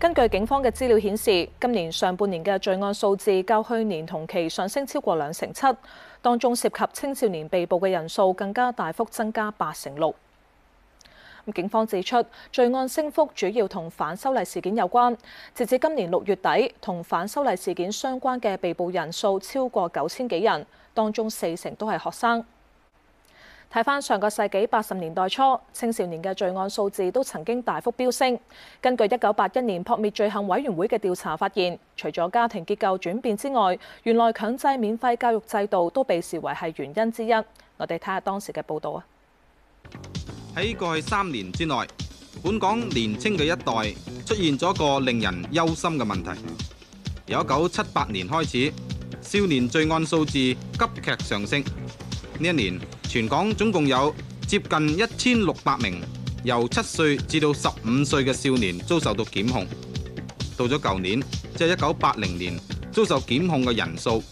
根據警方嘅資料顯示，今年上半年嘅罪案數字較去年同期上升超過兩成七，當中涉及青少年被捕嘅人數更加大幅增加八成六。咁警方指出，罪案升幅主要同反修例事件有關。截至今年六月底，同反修例事件相關嘅被捕人數超過九千幾人，當中四成都係學生。睇翻上個世紀八十年代初，青少年嘅罪案數字都曾經大幅飆升。根據一九八一年撲滅罪行委員會嘅調查發現，除咗家庭結構轉變之外，原來強制免費教育制度都被視為係原因之一。我哋睇下當時嘅報導啊！喺過去三年之內，本港年青嘅一代出現咗個令人憂心嘅問題。由一九七八年開始，少年罪案數字急劇上升。呢一年，全港總共有接近一千六百名由七歲至到十五歲嘅少年遭受到檢控。到咗舊年，即係一九八零年，遭受檢控嘅人數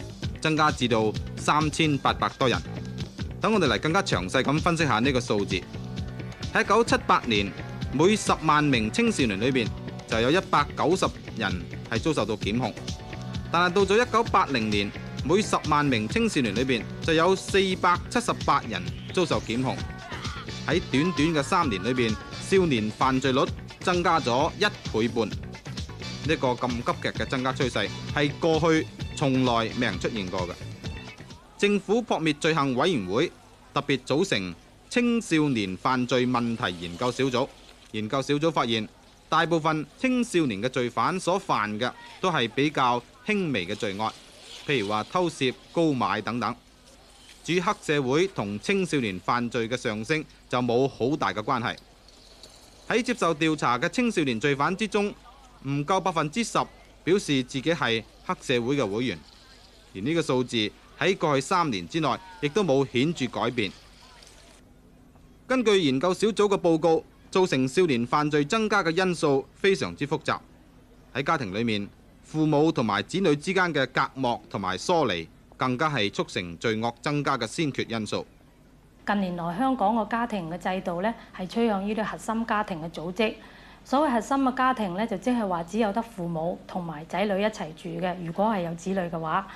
增加至到三千八百多人。等我哋嚟更加詳細咁分析下呢個數字。喺一九七八年，每十萬名青少年裏邊就有一百九十人係遭受到檢控，但係到咗一九八零年，每十萬名青少年裏面就有四百七十八人遭受檢控。喺短短嘅三年裏面，少年犯罪率增加咗一倍半，呢個咁急劇嘅增加趨勢係過去從來未曾出現過嘅。政府撲滅罪行委員會特別組成青少年犯罪問題研究小組，研究小組發現大部分青少年嘅罪犯所犯嘅都係比較輕微嘅罪案。譬如話偷竊、高買等等，至於黑社會同青少年犯罪嘅上升就冇好大嘅關係。喺接受調查嘅青少年罪犯之中，唔夠百分之十表示自己係黑社會嘅會員，而呢個數字喺過去三年之內亦都冇顯著改變。根據研究小組嘅報告，造成少年犯罪增加嘅因素非常之複雜，喺家庭裡面，父母同埋子女之間嘅隔膜同埋疏離，更加係促成罪惡增加嘅先決因素。近年來，香港個家庭嘅制度咧，係趨向於啲核心家庭嘅組織。所謂核心嘅家庭咧，就即係話只有得父母同埋仔女一齊住嘅。如果係有子女嘅話，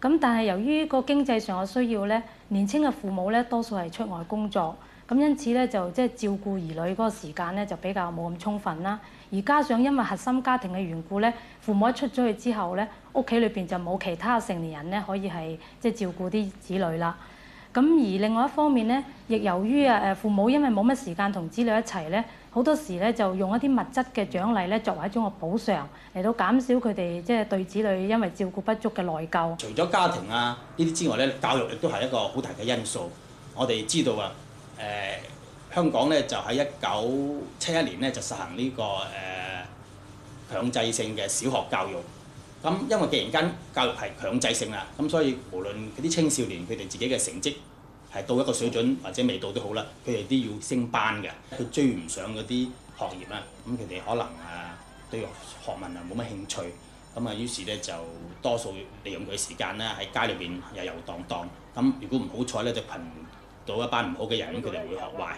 咁但係由於個經濟上嘅需要咧，年輕嘅父母咧，多數係出外工作。咁因此咧，就即係、就是、照顧兒女嗰個時間咧，就比較冇咁充分啦。而加上因為核心家庭嘅緣故咧，父母一出咗去之後咧，屋企裏邊就冇其他成年人咧可以係即係照顧啲子女啦。咁而另外一方面咧，亦由於啊誒父母因為冇乜時間同子女一齊咧，好多時咧就用一啲物質嘅獎勵咧作為一種嘅補償，嚟到減少佢哋即係對子女因為照顧不足嘅內疚。除咗家庭啊呢啲之外咧，教育亦都係一個好大嘅因素。我哋知道啊。誒、呃、香港咧就喺一九七一年咧就實行呢個誒強制性嘅小學教育。咁因為突然間教育係強制性啦，咁所以無論嗰啲青少年佢哋自己嘅成績係到一個水準或者未到都好啦，佢哋都要升班㗎。佢追唔上嗰啲學業啊，咁佢哋可能誒對學問啊冇乜興趣，咁啊於是咧就多數利用佢時間啦，喺街裏邊遊游蕩蕩。咁如果唔好彩咧，就貧。遇到一班唔好嘅人，佢哋會學壞。